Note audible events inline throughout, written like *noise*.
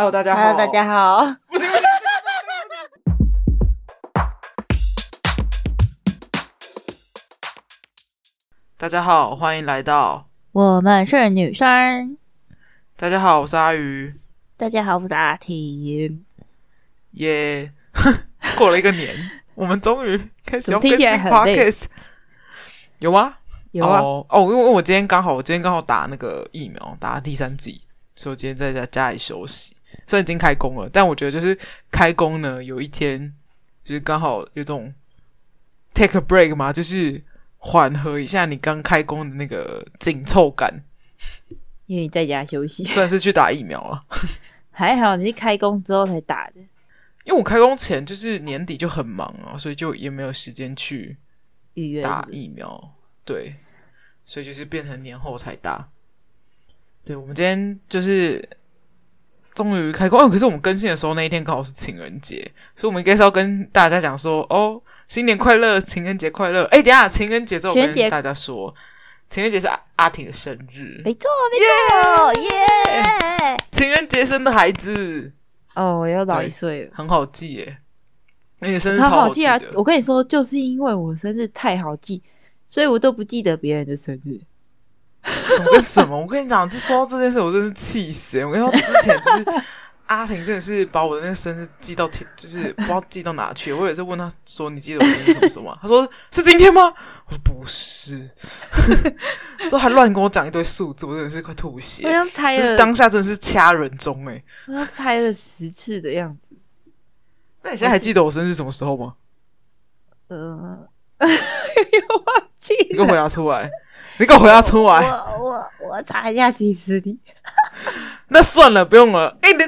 Hello，大家好。Hello，大家好。大家好，歡迎來到。我們是女生。大家好，我是阿魚。大家好，我是阿婷。耶 Yeah， *laughs* 過了一個年， *laughs* 我們終於開始要更新 Podcast 有嗎？有哦、啊，oh, oh, 因為我今天剛好，我今天剛好打那個疫苗，打了第三劑，所以我今天在家家裡休息。雖然已經開工了，但我覺得就是開工呢，有一天就是剛好有種 take a break 嘛，就是緩和一下你剛開工的那個緊湊感。因為你在家休息，算是去打疫苗了，啊。還好你是開工之後才打的，因為我開工前就是年底就很忙啊，所以就也沒有時間去預約打疫苗。對，所以就是變成年後才打。對，我們今天就是。終於開工哦、哎！可是我們更新的時候，那一天剛好是情人節，所以我們應該是要跟大家講說：哦，新年快樂，情人節快樂！哎、欸，等一下情人節之後我們跟大家說，情人節是阿，阿婷的生日，沒錯沒錯，耶情人節生的孩子，哦，oh, 我又老一歲，很好記耶！你、那個、生日超好，記的超好記啊！我跟你說，就是因為我生日太好記，所以我都不記得別人的生日。 *laughs* 什麼什麼？我跟你講，這說到這件事，我真是氣死、欸！我跟你說，之前就是 *laughs* 阿婷，真的是把我的那個生日記到天，就是不知道記到哪去。我有一次問他說：“你記得我生日什麼什麼、啊？” *laughs* 他說：“是今天嗎？”我說：“不是。 *laughs* ”都還亂跟我講一堆數字，我真的是快吐血、欸！我要猜了，但是當下真的是掐人中誒、欸，我要猜了十次的樣子。那你現在還記得我生日什麼時候嗎？呃，又 *laughs* 忘記。你給我回答出來。你給我回答出來。我我我查一下其實你。那算了，不用了。哎，你，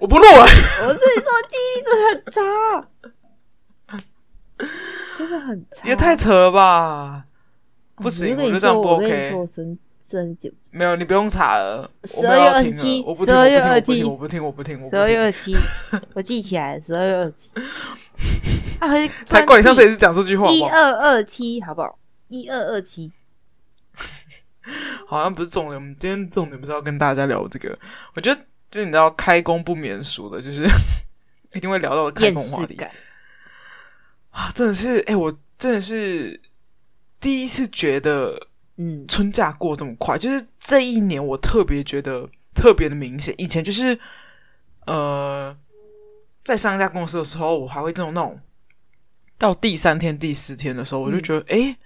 我不錄了。我這裡說記憶力很差，真的很差。也太扯了吧！不行，就這樣不 OK。沒有，你不用查了。十二月二十七，我不聽，我不聽，我不聽，我不聽，十二月二十七，我記起來了十二月二十七。啊，才怪！你上次也是講這句話。一二二七，好不好？一二二七， *laughs* 好像不是重點。我們今天重點不是要跟大家聊這個。我覺得這、就是、你知道，開工不免俗的，就是 *laughs* 一定會聊到開工話題。啊，真的是，哎、欸，我真的是第一次覺得，嗯，春假過這麼快，嗯、就是這一年我特別覺得特別的明顯。以前就是，呃，在上一家公司的時候，我還會這種那種，到第三天、第四天的時候，我就覺得，哎、嗯。欸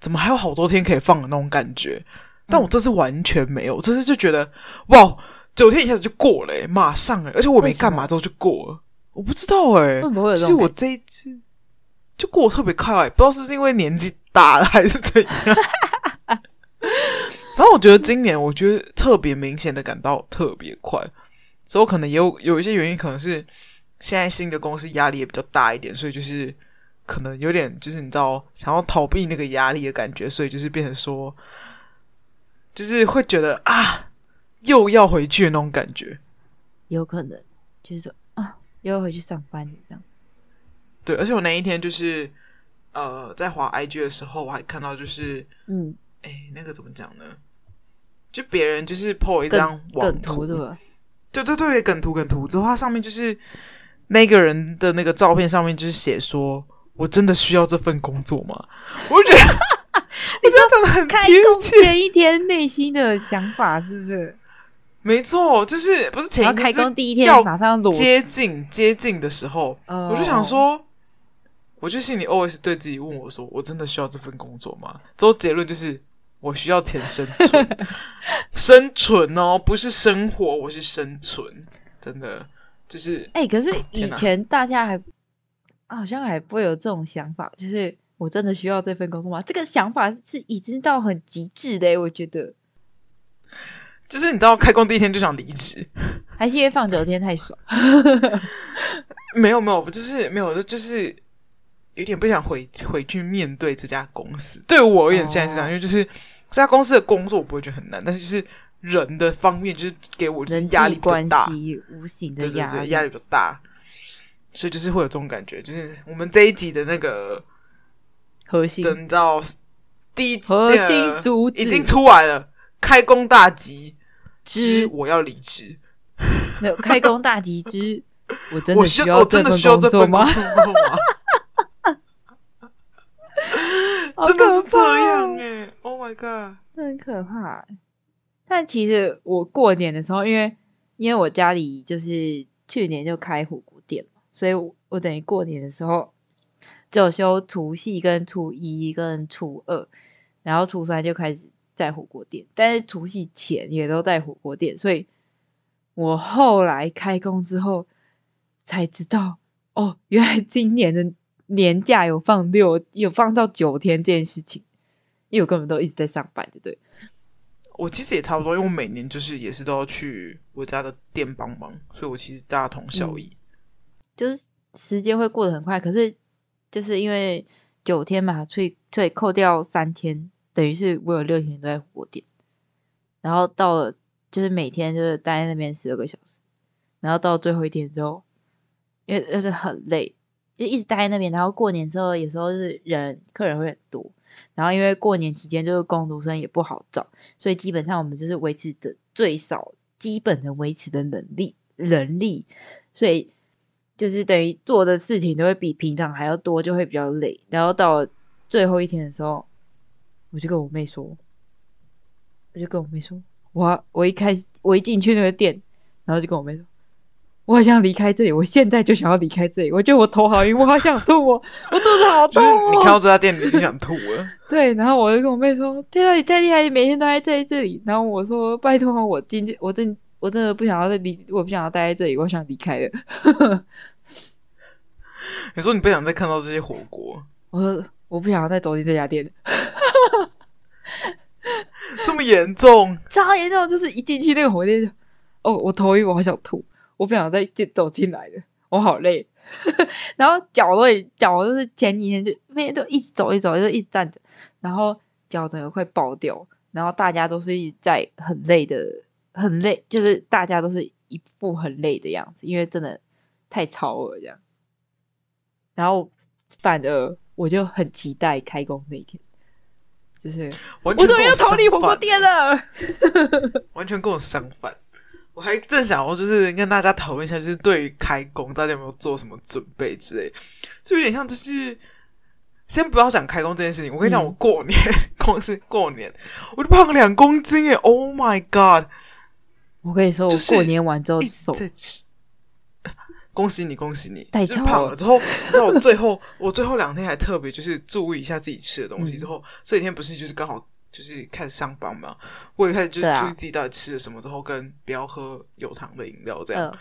怎麼還有好多天可以放的那種感覺？但我這次完全沒有，嗯、我這次就覺得哇，九天一下子就過了、欸，馬上哎、欸，而且我沒幹嘛，之後就過了，我不知道哎、欸，怎麼會？是我這一次就過得特別快、欸，不知道是不是因為年紀大了還是怎樣。 *laughs* *laughs* 然後我覺得今年，我覺得特別明顯的感到特別快，所以我可能也有有一些原因，可能是現在新的公司壓力也比較大一點，所以就是。可能有點就是你知道，想要逃避那個壓力的感覺，所以就是變成說，就是會覺得啊，又要回去那種感覺。有可能就是說啊，又要回去上班這樣。對，而且我那一天就是呃，在滑 IG 的時候，我還看到就是嗯，哎、欸，那個怎麼講呢？就別人就是 PO 一張網圖，對吧？對對對，梗圖梗圖，然後它上面就是那個人的那個照片，上面就是寫說。我真的需要這份工作嗎？我覺得，我覺得真的很貼切。開工前一天內心的想法是不是？沒錯，就是不是前一天，開工第一天就要馬上接近，接近的時候，嗯、我就想說，我就心裡 always 對自己問我說：“我真的需要這份工作嗎？”之後結論就是，我需要錢生存， *laughs* 生存哦，不是生活，我是生存，真的就是。哎、欸，可是哪以前大家還。啊、好像還不會有這種想法，就是我真的需要這份工作嗎？這個想法是已經到很極致的，欸，我覺得。就是你到開工第一天就想離職，還是因為放九天太爽？對 *laughs* *laughs* 沒有沒有，就是沒有，就是有點不想回回去面對這家公司。對我而言現在是這樣，哦、因為就是這家公司的工作我不會覺得很難，但是就是人的方面，就是給我就是壓力關係無形的壓壓力比較大。所以就是會有這種感覺，就是我們這一集的那個核心，等到第一集核心主角已經出來了，開工大吉之之我要離職，沒有開工大吉之我真的需要，我真的需要這份工作嗎？真的是這樣哎，欸！Oh my god，真可怕。但其實我過年的時候，因為因為我家裡就是去年就開火。所以我等於過年的時候就休除夕，跟初一、跟初二，然後初三就開始在火鍋店。但是除夕前也都在火鍋店，所以我後來開工之後才知道，哦，原來今年的年假有放六，有放到九天這件事情，因為我根本都一直在上班，對不對？我其實也差不多，因為我每年就是也是都要去我家的店幫忙，所以我其實大同小異。嗯就是時間會過得很快，可是就是因為九天嘛，所以所以扣掉三天，等於是我有六天都在火店，然後到了就是每天就是待在那邊十二個小時，然後到最後一天之後，因為就是很累，就一直待在那邊。然後過年之後，有時候是人客人會很多，然後因為過年期間就是工讀生也不好找，所以基本上我們就是維持的最少基本的維持的能力人力，所以。就是等於做的事情都會比平常還要多，就會比較累。然後到了最後一天的時候，我就跟我妹說，我就跟我妹說，我、啊、我一開始我一進去那個店，然後就跟我妹說，我好想離開這裡，我現在就想要離開這裡。我覺得我頭好暈，我好想吐、哦，我 *laughs* 我肚子好痛、哦。你看到這家店你就想吐了。 *laughs* 對，然後我就跟我妹說，天啊，你太厲害，你每天都在在這裡。然後我說，拜托、啊，我今天我真。我真的不想要再離，我不想要待在這裡，我想離開了。 *laughs* 你說你不想再看到這些火鍋？我說我不想要再走進這家店。 *laughs* 這麼嚴重？超嚴重！就是一進去那個火鍋店，哦，我頭暈，我好想吐，我不想再走進來了，我好累。 *laughs* 然後腳都，腳，我就是前幾天就每天都一直走一走，就一直站着，然後腳整個快爆掉。然後大家都是一直在很累的。很累，就是大家都是一副很累的樣子，因為真的太吵了，這樣。然後反而我就很期待開工那一天，就是我，我怎麼又逃離火鍋店了？ *laughs* 完全跟我相反。我還正想要，就是跟大家討論一下，就是對於開工，大家有沒有做什麼準備之類？就有點像，就是先不要講開工這件事情。我跟你講，我過年，嗯、光是過年我就胖了兩公斤耶！Oh my god！我跟你說，我過年完之後手一直在吃 *laughs* 恭喜你，恭喜你！上就胖了 *laughs* 之後，之後最後我最後兩天還特別就是注意一下自己吃的東西。之後、嗯、這幾天不是就是剛好就是開始上班嘛，我也開始就是注意自己到底吃了什麼，之後跟不要喝有糖的飲料，這樣、呃、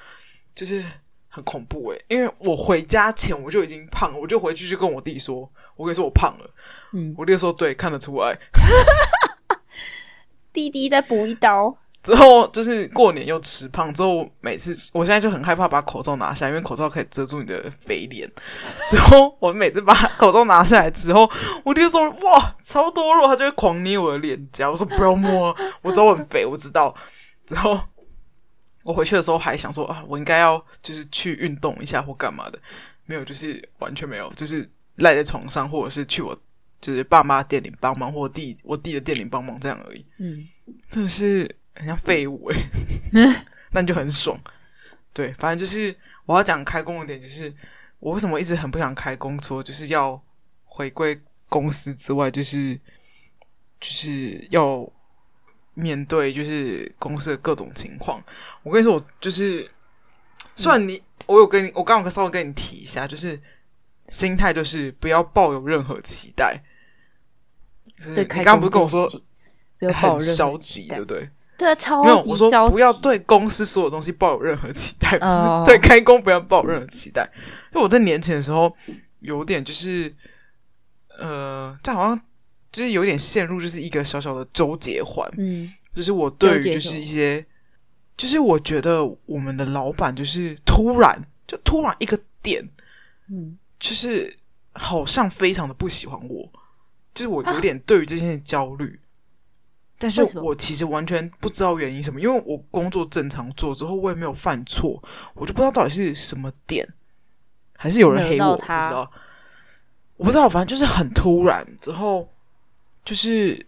就是很恐怖哎、欸！因為我回家前我就已經胖了，我就回去就跟我弟說，我跟你說我胖了，嗯，我弟說對，看得出來，弟弟再補一刀。之後就是過年又吃胖，之後每次我現在就很害怕把口罩拿下來，因為口罩可以遮住你的肥臉。之後我每次把口罩拿下來之後，我爹說：“哇，超多肉！”他就會狂捏我的臉頰。我說：“不要摸，我知道我很肥，我知道。”之後我回去的時候還想說：“啊，我應該要就是去運動一下或幹嘛的。”沒有，就是完全沒有，就是賴在床上，或者是去我就是爸媽店裡幫忙，或弟我弟的店裡幫忙這樣而已。嗯，這是。很像廢物欸嗯，那你就很爽。對，反正就是我要講開工的點，就是我為什麼一直很不想開工，除了就是要回歸公司之外，就是就是要面對就是公司的各種情況。我跟你說，我就是雖然你，我有跟你，我剛剛稍微跟你提一下，就是心態，就是不要抱有任何期待。對，你剛剛不是跟我說很消極，對不對？對、啊，超級消極，沒有，我說不要對公司所有東西抱有任何期待，呃、 *laughs* 對開工不要抱有任何期待。因為我在年前的時候，有點就是，呃，但好像就是有點陷入就是一個小小的糾結環。嗯，就是我對於就是一些，就是我覺得我們的老闆就是突然就突然一個點，嗯，就是好像非常的不喜歡我，就是我有點對於這些焦慮。啊但是我其實完全不知道原因什麼，為什麼？因為我工作正常做之後，我也沒有犯錯，我就不知道到底是什麼點，還是有人黑我，你知道，我不知道，反正就是很突然之後，就是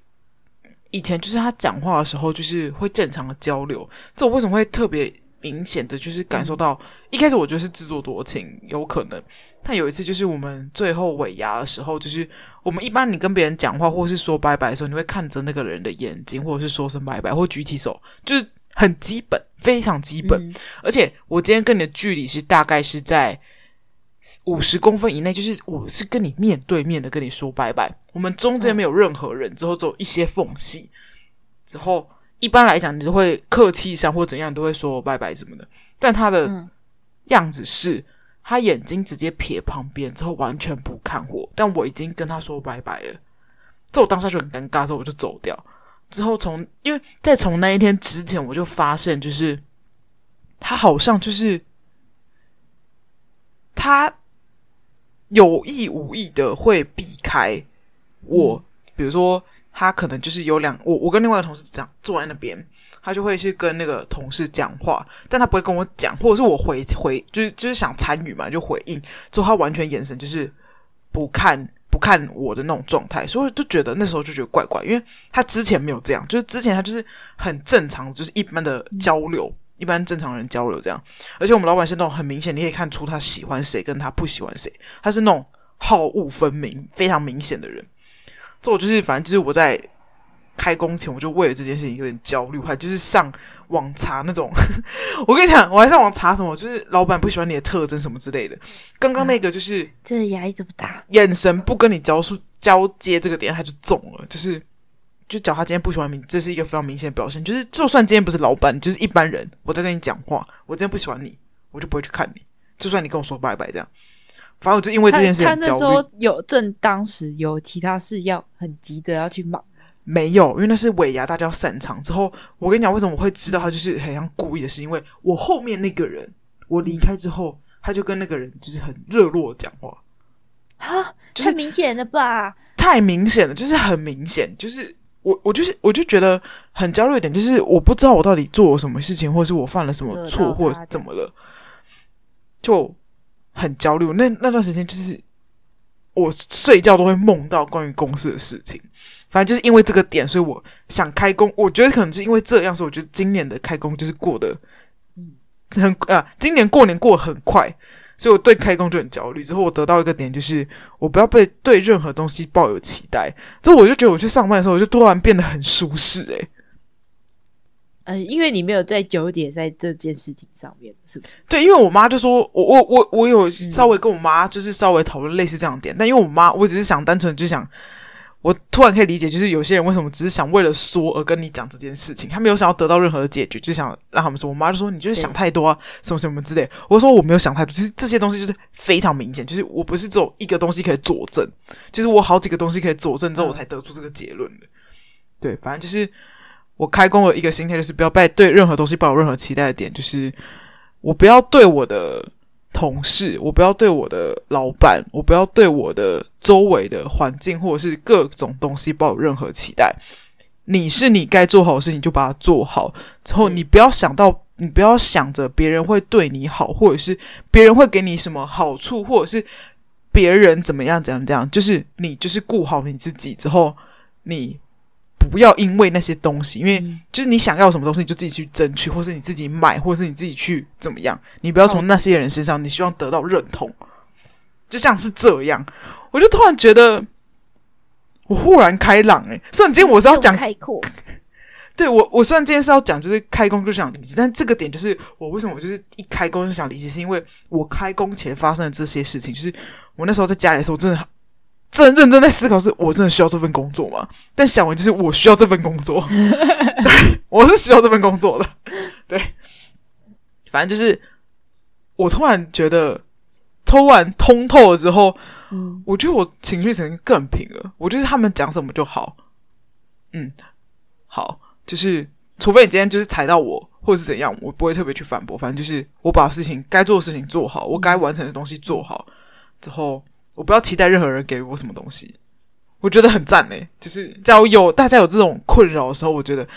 以前就是他講話的時候就是會正常的交流，這我為什麼會特別？明顯的就是感受到，一開始我覺得是自作多情，有可能。但有一次就是我們最後尾牙的時候，就是我們一般你跟別人講話或者是說拜拜的時候，你會看着那個人的眼睛，或者是說聲拜拜，或舉起手，就是很基本，非常基本。而且我今天跟你的距離是大概是在五十公分以內，就是我是跟你面對面的跟你說拜拜，我們中間沒有任何人，之後只有一些縫隙之後。一般來講，你都會客氣一下或怎樣，你都會說我拜拜什麼的。但他的樣子是，他眼睛直接瞥旁邊之後，完全不看我。但我已經跟他說拜拜了，這我當下就很尷尬，所以我就走掉。之後從因為在從那一天之前，我就發現就是他好像就是他有意無意的會避開我，嗯、比如說。他可能就是有兩，我我跟另外一個同事講，坐在那邊，他就會去跟那個同事講話，但他不會跟我講，或者是我回回就是就是想參與嘛，就回應，之後他完全眼神就是不看不看我的那種狀態，所以就覺得那時候就覺得怪怪，因為他之前沒有這樣，就是之前他就是很正常，就是一般的交流，嗯、一般正常人交流這樣，而且我們老板是那種很明顯，你可以看出他喜歡誰跟他不喜歡誰，他是那種好惡分明，非常明顯的人。我就是，反正就是我在開工前，我就為了這件事情有點焦慮，還就是上網查那種。 *laughs* 我跟你講，我還上網查什麼？就是老闆不喜歡你的特徵什麼之類的。剛剛那個就是，這壓力這麼大，眼神不跟你交出交接這個點，他就中了。就是，就找他今天不喜歡你，這是一個非常明顯的表現。就是，就算今天不是老闆，就是一般人，我在跟你講話，我今天不喜歡你，我就不會去看你。就算你跟我說拜拜，這樣。反正我就因為這件事情他看時候有正當時有其他事要很急的要去忙。沒有，因為那是尾牙，大家要散場之後。我跟你講，為什麼我會知道他就是很像故意的，是因為我後面那個人，我離開之後，他就跟那個人就是很熱絡講話。哈蛤，就是，太明顯了吧！太明顯了，就是很明顯，就是我我就是我就覺得很焦慮一點，就是我不知道我到底做了什麼事情，或者是我犯了什麼錯，或者是怎麼了，就。很焦慮，那那段時間就是我睡覺都會夢到關於公司的事情。反正就是因為這個點，所以我想開工。我覺得可能是因為這樣，所以我覺得今年的開工就是過得嗯很啊，今年過年過得很快，所以我對開工就很焦慮。之後我得到一個點，就是我不要被對任何東西抱有期待。這我就覺得我去上班的時候，我就突然變得很舒適誒、欸。嗯，因為你沒有在糾結在這件事情上面，是不是？對，因為我媽就說，我我我我有稍微跟我媽就是稍微討論類似這樣的點，的但因為我媽，我只是想單純就想，我突然可以理解，就是有些人為什麼只是想為了說而跟你講這件事情，他沒有想要得到任何的解決，就想讓他們說。我媽就說你就是想太多啊，對什麼什麼之類。我說我沒有想太多，就是這些東西就是非常明顯，就是我不是只有一個東西可以佐證，就是我好幾個東西可以佐證之後，我才得出這個結論的。嗯、對，反正就是。我開工了一個心態就是不要對任何東西抱有任何期待的點，就是，我不要對我的同事，我不要對我的老闆，我不要對我的周圍的環境或者是各種東西抱有任何期待。你是你該做好的事情就把它做好之後，你不要想到，嗯、你不要想着別人會對你好，或者是別人會給你什麼好處，或者是別人怎麼樣，怎樣，怎樣，就是你就是顧好你自己之後，你。不要因為那些東西，因為就是你想要什麼東西，你就自己去爭取，或是你自己買，或者是你自己去怎麼樣。你不要從那些人身上，你希望得到認同，就像是這樣。我就突然覺得，我豁然開朗誒、欸，雖然今天我是要講開闊， *laughs* 對，我，我雖然今天是要講，就是開工就想離職，但這個點就是我為什麼我就是一開工就想離職，就是因為我開工前發生的這些事情，就是我那時候在家裡的時候，真的。真認真在思考，是我真的需要這份工作嗎？但想完就是我需要這份工作， *laughs* 對，我是需要這份工作的，對。反正就是，我突然覺得，突然通透了之後，嗯、我覺得我情緒層更平了。我覺得他們講什麼就好，嗯，好，就是除非你今天就是踩到我或者是怎樣，我不會特別去反駁。反正就是，我把事情該做的事情做好，我該完成的東西做好之後。我不要期待任何人給我什麼東西，我覺得很讚欸。就是在有大家有這種困擾的時候，我覺得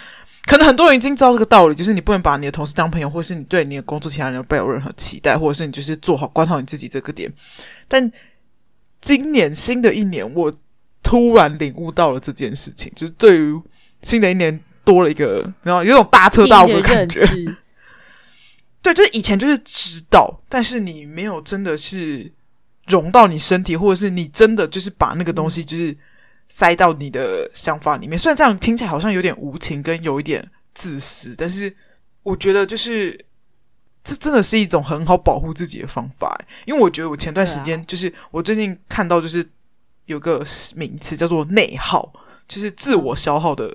可能很多人已經知道這個道理，就是你不能把你的同事當朋友，或者是你對你的工作其他人不要有任何期待，或者是你就是做好管好你自己這個點。但今年新的一年，我突然領悟到了這件事情，就是對於新的一年多了一個，然後有一種大徹大悟的感覺。 *laughs* 對，就是以前就是知道，但是你沒有真的是。融到你身體，或者是你真的就是把那個東西就是塞到你的想法裡面。雖然這樣聽起來好像有點無情跟有一點自私，但是我覺得就是這真的是一種很好保護自己的方法。因為我覺得我前段時間就是我最近看到就是有個名詞叫做內耗，就是自我消耗的。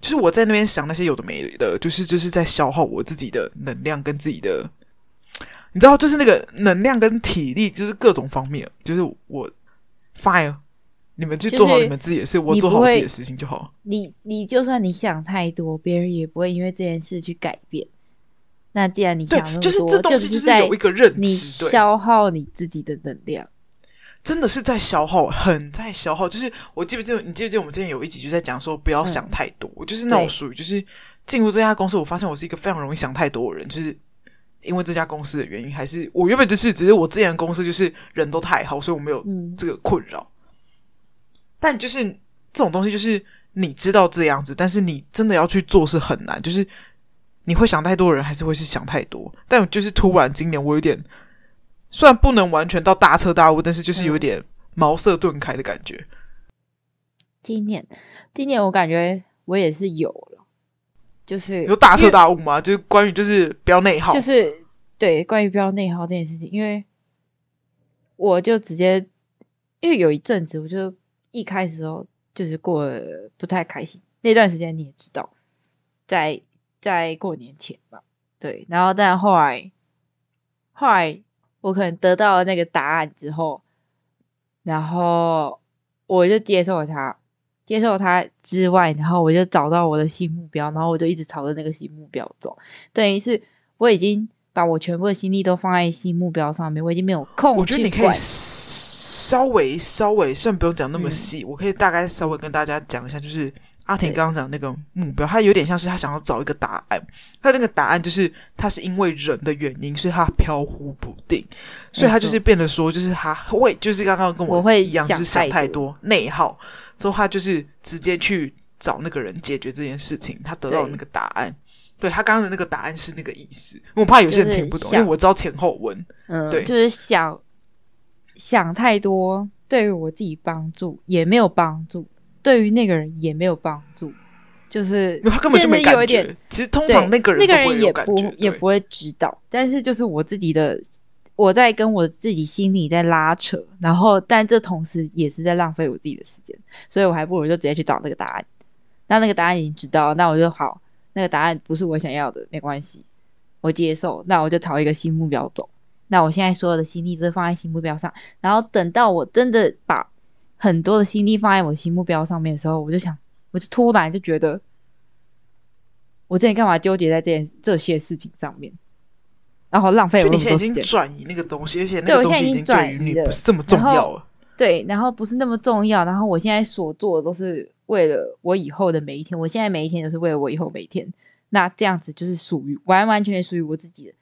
就是我在那邊想那些有的沒的，就是就是在消耗我自己的能量跟自己的。你知道，就是那個能量跟體力，就是各種方面，就是我 fire。Fine, 你們去做好你們自己的事，我做好我自己的事情就好了。你你就算你想太多，別人也不會因為這件事去改變。那既然你想那麼多，就是這東西就是有一個認知，消耗你自己的能量，真的是在消耗，很在消耗。就是我記不記得，你記不記得我們之前有一集就在講說不要想太多。我、嗯、就是那種屬於，就是進入這家公司，我發現我是一個非常容易想太多的人，就是。因為這家公司的原因，還是我原本就是，只是我之前的公司就是人都太好，所以我沒有這個困擾。嗯、但就是這種東西，就是你知道這樣子，但是你真的要去做是很難。就是你會想太多人，還是會是想太多。但就是突然今年，我有點，雖然不能完全到大徹大悟，但是就是有點茅塞頓開的感覺、嗯。今年，今年我感覺我也是有。就是有大徹大悟嗎？為就是關於，就是不要內耗，就是對，關於不要內耗這件事情，因為我就直接，因為有一陣子，我就一開始時就是過不太開心那段時間，你也知道，在在過年前吧，對，然後但後來後來我可能得到了那個答案之後，然後我就接受了他。接受它之外，然後我就找到我的新目標，然後我就一直朝着那個新目標走。等於是我已經把我全部的心力都放在新目標上面，我已經沒有空。我覺得你可以稍微稍微，雖然不用講那麼細，嗯、我可以大概稍微跟大家講一下，就是阿婷剛剛講那個目標，他對有點像是他想要找一個答案，他那個答案就是他是因為人的原因，所以他飄忽不定，錯所以他就是變得說，就是他會就是剛剛跟我一樣，會就是想太多內耗。說話就是直接去找那個人解決這件事情，他得到那個答案。對，對他剛剛的那個答案是那個意思。我怕有些人聽不懂，因為我知道前後文。嗯、呃，對，就是想想太多，對於我自己幫助也沒有幫助，對於那個人也沒有幫助，就是他根本就沒感覺。有一點其實通常那個人那個人也不對也不會知道，但是就是我自己的。我在跟我自己心裡在拉扯，然後但這同時也是在浪費我自己的時間，所以我還不如就直接去找那個答案。那那個答案已經知道，那我就好。那個答案不是我想要的，沒關係，我接受。那我就朝一個新目標走。那我現在所有的心力都是放在新目標上，然後等到我真的把很多的心力放在我新目標上面的時候，我就想，我就突然就覺得，我之前幹嘛糾結在這件這些事情上面？然後浪費了，就你現在已經轉移那個東西，而且那個東西已經對於你不是這麼重要了。對，然後不是那麼重要。然後我現在所做的都是為了我以後的每一天。我現在每一天都是為了我以後每一天。那這樣子就是屬於完完全全屬於我自己的。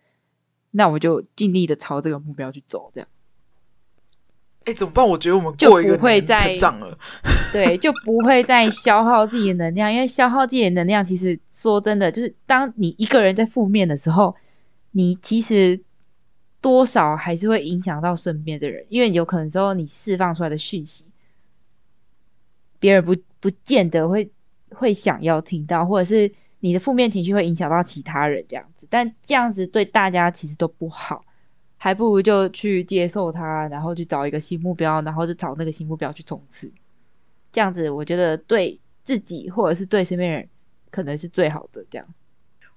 那我就盡力的朝這個目標去走。這樣。哎，怎麼辦？我覺得我們過一個年成長了，對，就不會再消耗自己的能量， *laughs* 因為消耗自己的能量，其實說真的，就是當你一個人在負面的時候。你其實多少還是會影響到身邊的人，因為你有可能說你釋放出來的訊息，別人不不見得會會想要聽到，或者是你的負面情緒會影響到其他人這樣子，但這樣子對大家其實都不好，還不如就去接受他，然後去找一個新目標，然後就找那個新目標去衝刺，這樣子我覺得對自己或者是對身邊人可能是最好的這樣。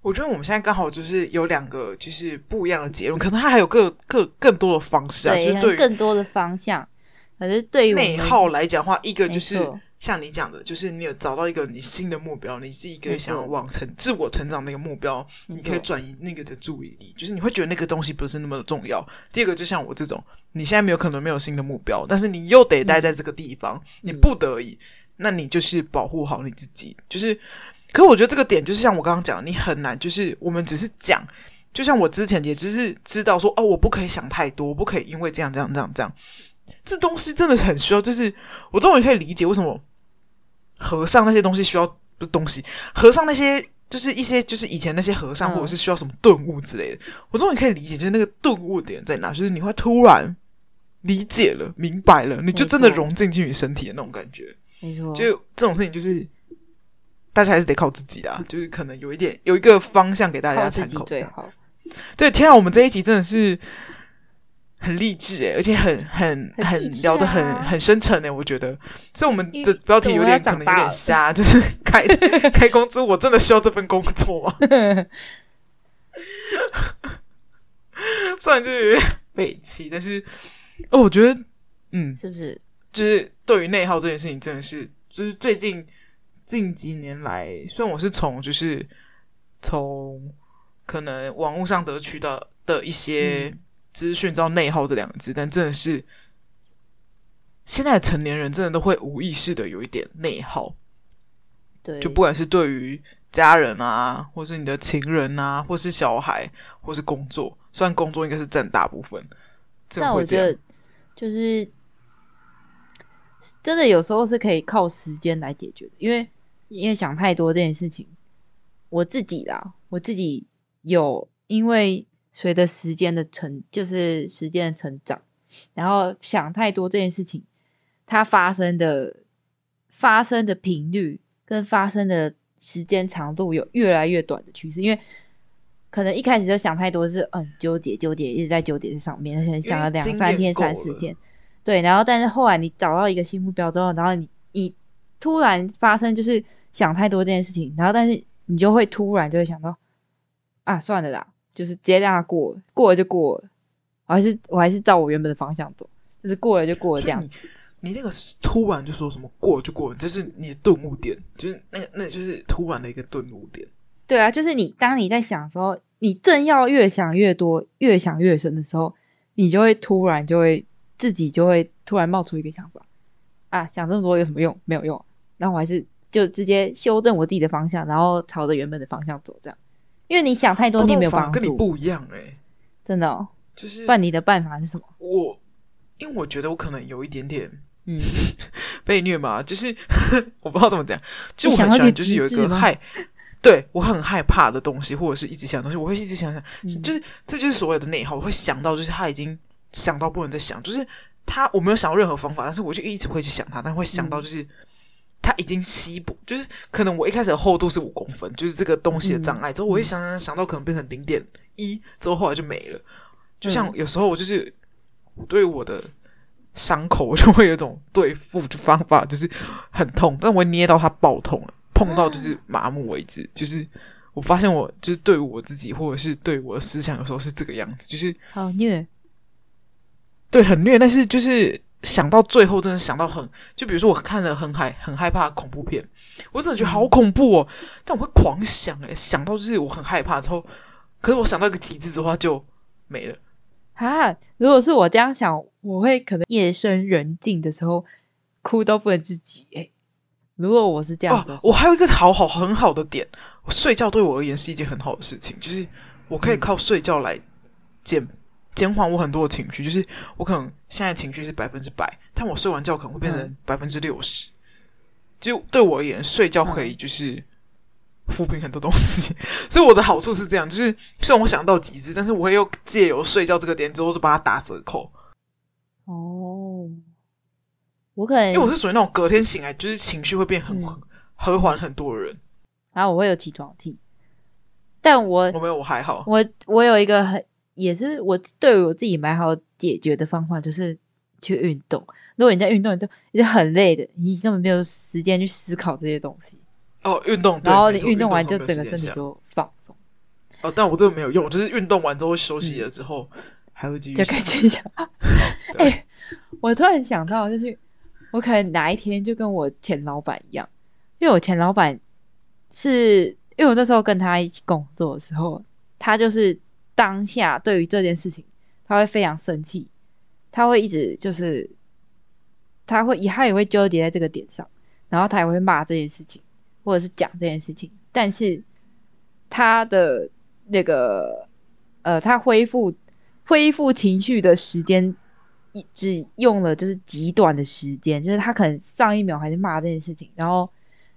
我覺得我們現在剛好就是有兩個，就是不一樣的結論。可能它還有各各更多的方式啊，就是、對更多的方向，反正對於內耗來講的話，一個就是像你講的，就是你有找到一個你新的目標，你是一個想要往成自我成長那個目標，你可以轉移那個的注意力，就是你會覺得那個東西不是那麼重要。第二個就像我這種，你現在沒有可能沒有新的目標，但是你又得待在這個地方，嗯、你不得已，那你就是保護好你自己，就是。可我覺得這個點就是像我剛剛講，你很難，就是我們只是講，就像我之前也只是知道說，哦，我不可以想太多，我不可以因為這樣這樣這樣這樣，這東西真的很需要。就是我終於可以理解為什麼和尚那些東西需要的東西，和尚那些就是一些就是以前那些和尚或者是需要什麼頓悟之類的，嗯、我終於可以理解，就是那個頓悟點在哪，就是你會突然理解了、明白了，你就真的融進去你身體的那種感覺。沒錯，就這種事情就是。大家還是得靠自己的，啊，就是可能有一點有一個方向給大家參考這樣。最好對，天啊，我們這一集真的是很勵志哎，而且很很很，啊、聊得很很深沉哎，我覺得。所以我們的標題有點可能有點瞎，對就是開開工之我真的需要這份工作嗎 *laughs* 算就是悲戚，但是哦，我覺得嗯，是不是就是對於內耗這件事情，真的是就是最近。近幾年來，雖然我是從就是從可能網絡上得取的的一些資訊，嗯、知道“內耗”這兩個字，但真的是現在成年人真的都會無意識的有一點內耗。對，就不管是對於家人啊，或是你的情人啊，或是小孩，或是工作，雖然工作應該是占大部分，但我覺得就是。真的有時候是可以靠時間來解決的，因為因為想太多這件事情，我自己啦，我自己有因為隨着時間的成，就是時間的成長，然後想太多這件事情，它發生的發生的頻率跟發生的時間長度有越來越短的趨勢，因為可能一開始就想太多是嗯、呃、糾結糾結，糾結一直在糾結上面，想了兩三天三四天。對，然後但是後來你找到一個新目標之後，然後你你突然發生就是想太多這件事情，然後但是你就會突然就會想到，啊，算了啦，就是直接這樣過，過了就過了，我還是我還是照我原本的方向走，就是過了就過了這樣子。你，你那個突然就說什麼過了就過了，這是你的頓悟點，就是那個那就是突然的一個頓悟點。對啊，就是你當你在想的時候，你正要越想越多、越想越深的時候，你就會突然就會。自己就會突然冒出一個想法啊！想這麼多有什麼用？沒有用。那我還是就直接修正我自己的方向，然後朝着原本的方向走。這樣，因為你想太多，你沒有辦法、哦。跟你不一樣哎、欸，真的、哦。就是辦你的辦法是什麼？我因為我覺得我可能有一點點嗯 *laughs* 被虐嘛，就是 *laughs* 我不知道怎麼講。就我很喜歡就是有一個害，對我很害怕的東西，或者是一直想的東西，我會一直想想，嗯、就是這就是所謂的內耗。我會想到，就是他已經。想到不能再想，就是他我沒有想到任何方法，但是我就一直會去想他，但會想到就是、嗯、他已經稀薄，就是可能我一開始的厚度是五公分，就是這個東西的障礙。嗯、之後我一想想、嗯、想到可能變成零點一，之後後來就沒了。嗯、就像有時候我就是對我的傷口，我就會有一種對付的方法，就是很痛，但我會捏到它爆痛了，碰到就是麻木為止。嗯、就是我發現我就是對我自己或者是對我的思想，有時候是這個樣子，就是好虐。對，很虐，但是就是想到最後，真的想到很，就比如說我看了很害很害怕恐怖片，我真的覺得好恐怖哦。但我會狂想哎，想到就是我很害怕之後，可是我想到一個極致的話就沒了。哈、啊、如果是我這樣想，我會可能夜深人靜的時候哭都不能自己哎。如果我是這樣，啊，我還有一個好好很好的點，我睡覺對我而言是一件很好的事情，就是我可以靠睡覺來減，嗯。減緩我很多的情緒，就是我可能現在情緒是百分之百，但我睡完覺可能會變成百分之六十。嗯、就對我而言，睡覺可以就是撫平很多東西，嗯、 *laughs* 所以我的好處是這樣，就是雖然我想到極致，但是我會又借由睡覺這個點之後，就把它打折扣。哦，我可能因為我是屬於那種隔天醒來就是情緒會變很、嗯、和緩很多人，然後、啊、我會有起床氣，但我我沒有我還好，我我有一個很。也是我對我自己蠻好解決的方法，就是去運動。如果你在運動，你就你就很累的，你根本沒有時間去思考這些東西。哦，運動，對，然後你運動完就整個身體就放鬆。哦，但我這個沒有用，我就是運動完之後休息了之後、嗯、還會繼續。欸，我突然想到，就是我可能哪一天就跟我前老板一樣，因為我前老板是因為我那時候跟他一起工作的時候，他就是。當下對於這件事情，他會非常生氣，他會一直就是，他會他也會糾結在這個點上，然後他也會罵這件事情，或者是講這件事情。但是他的那個呃，他恢復恢復情緒的時間，只用了就是極短的時間，就是他可能上一秒還在罵這件事情，然後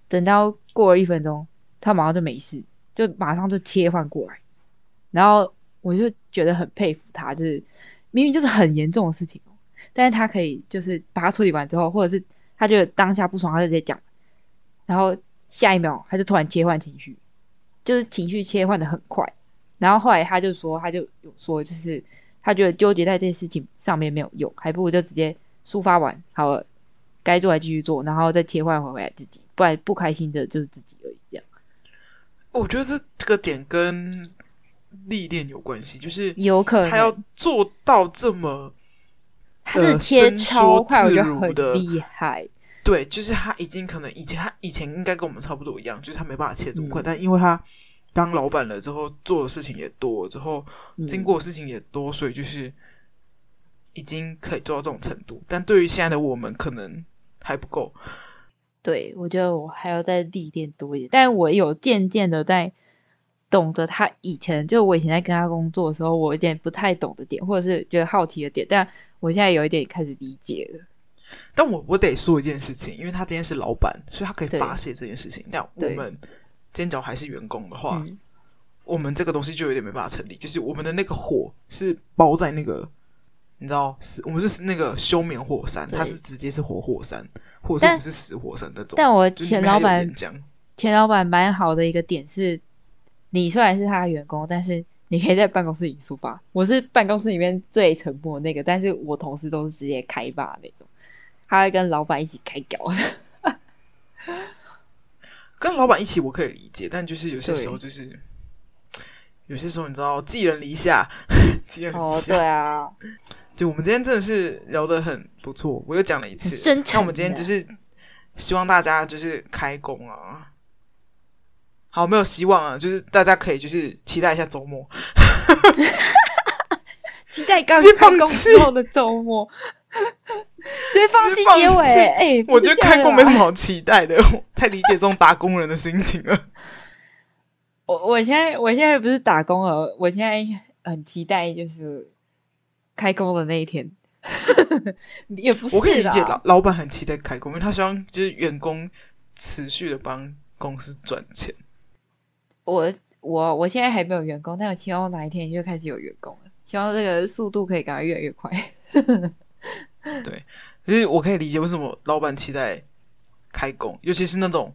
等到過了一分鐘，他馬上就沒事，就馬上就切換過來，然後。我就覺得很佩服他，就是明明就是很嚴重的事情，但是他可以就是把它處理完之後，或者是他覺得當下不爽，他就直接講，然後下一秒他就突然切換情緒，就是情緒切換的很快，然後後來他就說，他就有說，就是他覺得糾結在這件事情上面沒有用，還不如就直接抒發完好了，該做還繼續做，然後再切換回回來自己，不然不開心的就是自己而已。這樣，我覺得這這個點跟。歷練有關係，就是有可能他要做到這麼，很、呃、他是切超快，伸縮自如的厲害。對，就是他已經可能以前他以前應該跟我們差不多一樣，就是他沒辦法切這麼快，嗯、但因為他當老闆了之後，做的事情也多，之後經過的事情也多，嗯、所以就是已經可以做到這種程度。但對於現在的我們，可能還不夠。對，我覺得我還要再歷練多一點，但我有漸漸的在。懂得他以前就我以前在跟他工作的時候，我有點不太懂的點，或者是覺得好奇的點，但我現在有一點開始理解了。但我我得說一件事情，因為他今天是老闆，所以他可以發洩這件事情。對但我們今天假如還是員工的話，對我們這個東西就有點沒辦法成立。嗯、就是我們的那個火是包在那個，你知道，是我們是那個休眠火山，對它是直接是活火，火山，或者是我們是死火山那種。但，但我前老闆前老闆蠻好的一個點是，你雖然是他的員工，但是你可以在辦公室裡說吧。我是辦公室裡面最沉默的那個，但是我同事都是直接開吧那種，他會跟老闆一起開腳。 *laughs* 跟老闆一起我可以理解，但就是有些時候就是對有些時候你知道寄人籬下，寄人籬下。Oh, 對啊，就我們今天真的是聊得很不錯，我又講了一次。那我們今天就是希望大家就是開工啊。好，沒有希望啊！就是大家可以就是期待一下周末， *laughs* *laughs* 期待剛剛開工後的周末，所以 *laughs* 放棄結尾，欸。哎、 *laughs* 欸，啊、我覺得開工沒什麼好期待的。 *laughs* 太理解這種打工人的心情了。我我現在我現在不是打工了，我現在很期待就是開工的那一天， *laughs* 也不是。我可以理解老老闆很期待開工，因為他希望就是員工持續的幫公司賺錢。我我我現在還沒有員工，但我期望哪一天就開始有員工了，希望這個速度可以趕快越來越快。 *laughs* 對，其實我可以理解為什麼老闆期待開工，尤其是那種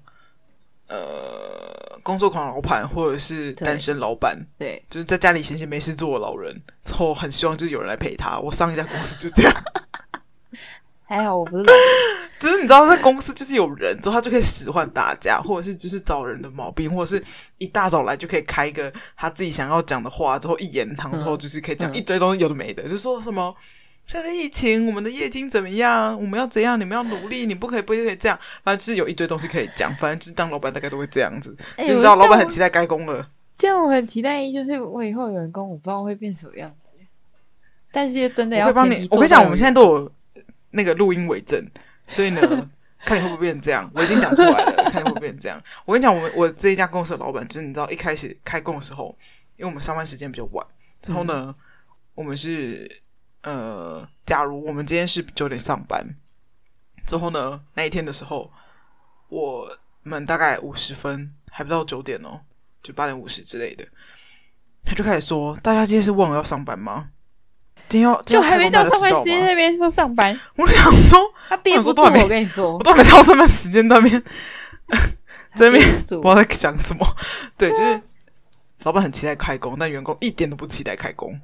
呃工作狂老闆或者是單身老闆，對，就是在家裡閒閒沒事做的老人，之後很希望就有人來陪他。我上一家公司就這樣， *laughs* 還好我不是老人。 *laughs* 只是你知道，在公司就是有人之後，他就可以使喚大家，或者是就是找人的毛病，或者是一大早來就可以開一個他自己想要講的話，之後一言堂，之後就是可以講一堆東西，有的沒的，嗯、就說什麼、嗯、現在疫情，我們的業績怎麼樣，我們要怎樣，你們要努力，你不可以不可以這樣，反正就是有一堆東西可以講，反正就是當老板大概都會這樣子，欸、就你知道，這老板很期待開工了。這樣我很期待，就是我以後員工我不知道會變什麼樣子，但是真的要幫你，我跟你講，我們現在都有那個錄音為證。 *laughs* 所以呢，看你會不會變成這樣，我已經講出來了，看你會不會變成這樣。我跟你講，我我這一家公司的老板，就是你知道，一開始開工的時候，因為我們上班時間比較晚，之後呢，嗯、我們是呃，假如我們今天是九點上班，之後呢，那一天的時候，我們大概五十分還不到九點哦，就八點五十之類的，他就開始說，大家今天是忘了要上班嗎？就，就還沒到上班時間那邊說上班，我想說，我跟你說，我都還沒到上班時間那邊，這邊不，不，不知道在想什麼。對，對啊，就是老闆很期待開工，但員工一點都不期待開工。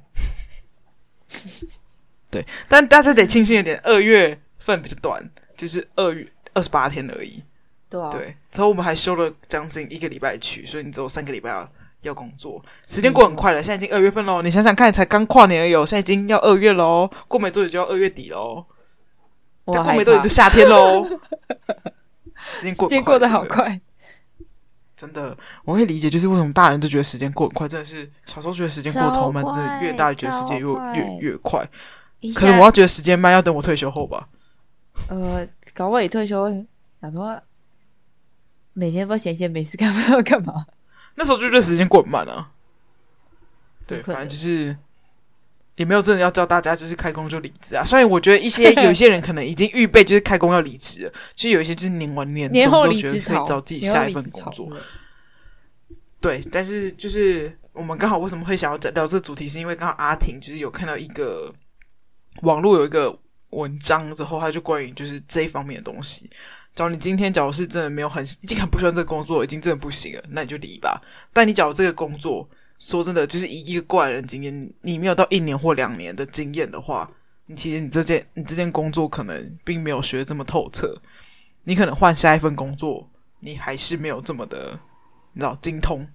*laughs* 對，但大家得慶幸一點，二月份比較短，就是二月二十八天而已。對，啊，對，之後我們還休了將近一個禮拜去，所以你只有三個禮拜了。要工作，時間過很快了。現在已經二月份嘍，嗎你想想看，才剛跨年而已、哦，現在已經要二月嘍，過沒多久就要二月底嘍。再過沒多久就夏天嘍， *laughs* 時間過時間過得好快，真的，我可以理解，就是為什麼大人都覺得時間過很快，真的是小時候覺得時間過超慢。真的越大越覺得時間越快越越,越快。下可能我要覺得時間慢，要等我退休後吧。呃，搞不好你退休，想說每天不閒閒，沒事幹，不知幹嘛。那時候就覺得時間過慢了，對，反正就是也沒有真的要教大家就是開工就離職啊。所以我覺得一些有一些人可能已經預備就是開工要離職了， *laughs* 其實有一些就是年完年終就覺得可以找自己下一份工作。對，對，但是就是我們剛好為什麼會想要聊這個主題，是因為剛好阿婷就是有看到一個網絡有一個文章之後，他就關於就是這一方面的東西。假如你今天假如是真的沒有很，你竟然不喜歡這個工作，已經真的不行了，那你就離吧。但你假如這個工作，說真的，就是一一個過來人經驗，今天你沒有到一年或兩年的經驗的話，你其實你這件你這件工作可能並沒有學這麼透徹，你可能換下一份工作，你還是沒有這麼的，你知道精通。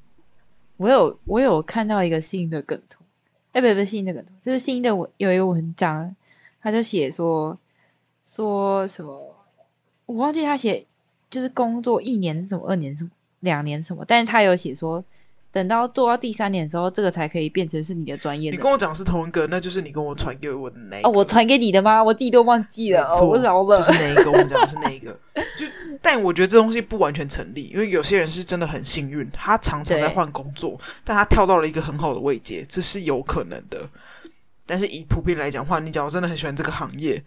我有我有看到一個新的梗圖，哎、欸，不是不是新的梗圖，就是新的有一個文章，他就寫說說什麼。我忘記他寫，就是工作一年是什麼，二年是什麼，兩年是什麼，但是他有寫說，等到做到第三年的時候，這個才可以變成是你的專業的。你跟我講是同一個，那就是你跟我傳給我的那、哦，我傳給你的嗎？我自己都忘記了，錯哦，我忘了。就是哪一個？我們講的是哪一個？ *laughs* 就，但我覺得這東西不完全成立，因為有些人是真的很幸運，他常常在換工作，對但他跳到了一個很好的位階，這是有可能的。但是以普遍來講話，你假如我真的很喜歡這個行業。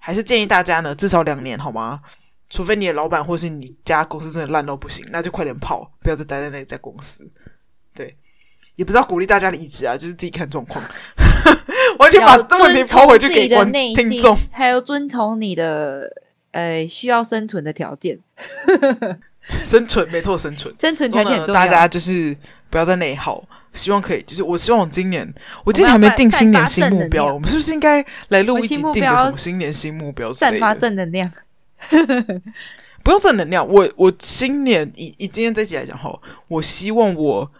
還是建議大家呢，至少兩年好嗎？除非你的老闆或是你家公司真的爛到不行，那就快點跑，不要再待在那家公司。對，也不知道鼓勵大家離職啊，就是自己看狀況。 *laughs* 完全把這問題拋回去給觀聽眾，還有遵從你的呃需要生存的條件 *laughs* 生。生存沒錯，生存生存條件很重要，重要。大家就是不要在內耗。希望可以，就是我希望我今年，我今年還沒定新年新目標，我，我們是不是應該來錄一集定個什麼新年新目標之類的？散發正能量，呵呵呵，不用正能量。我我新年以以今天這集來講，齁，我希望我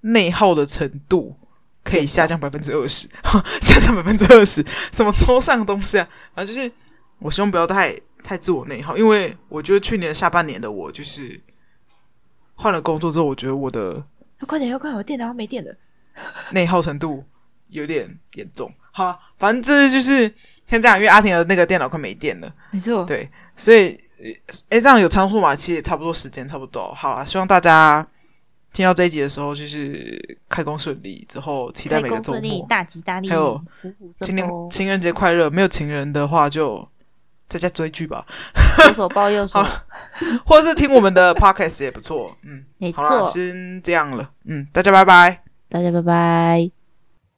內耗的程度可以下降百分之二十，以 *laughs* 下降百分之二十。什麼抽象的東西啊？反正、 *laughs* 啊、就是我希望不要太太自我內耗，因為我覺得去年下半年的我，就是換了工作之後，我覺得我的。哦、快點，要、哦、快我電腦沒電了，內耗程度有點嚴重。好，反正就是現在因為阿婷的那個電腦快沒電了。沒錯，對，所以，誒、欸，這樣有倉促嘛？其實也差不多時間，差不多。好了，希望大家聽到這一集的時候，就是開工順利，之後期待每個週末大吉大利，還有今天情人節快樂。沒有情人的話，就。大家追劇吧，左手抱右手，好了，或是聽我們的 podcast 也不錯。嗯，沒錯 好了，先這樣了。嗯，大家拜拜，大家拜拜。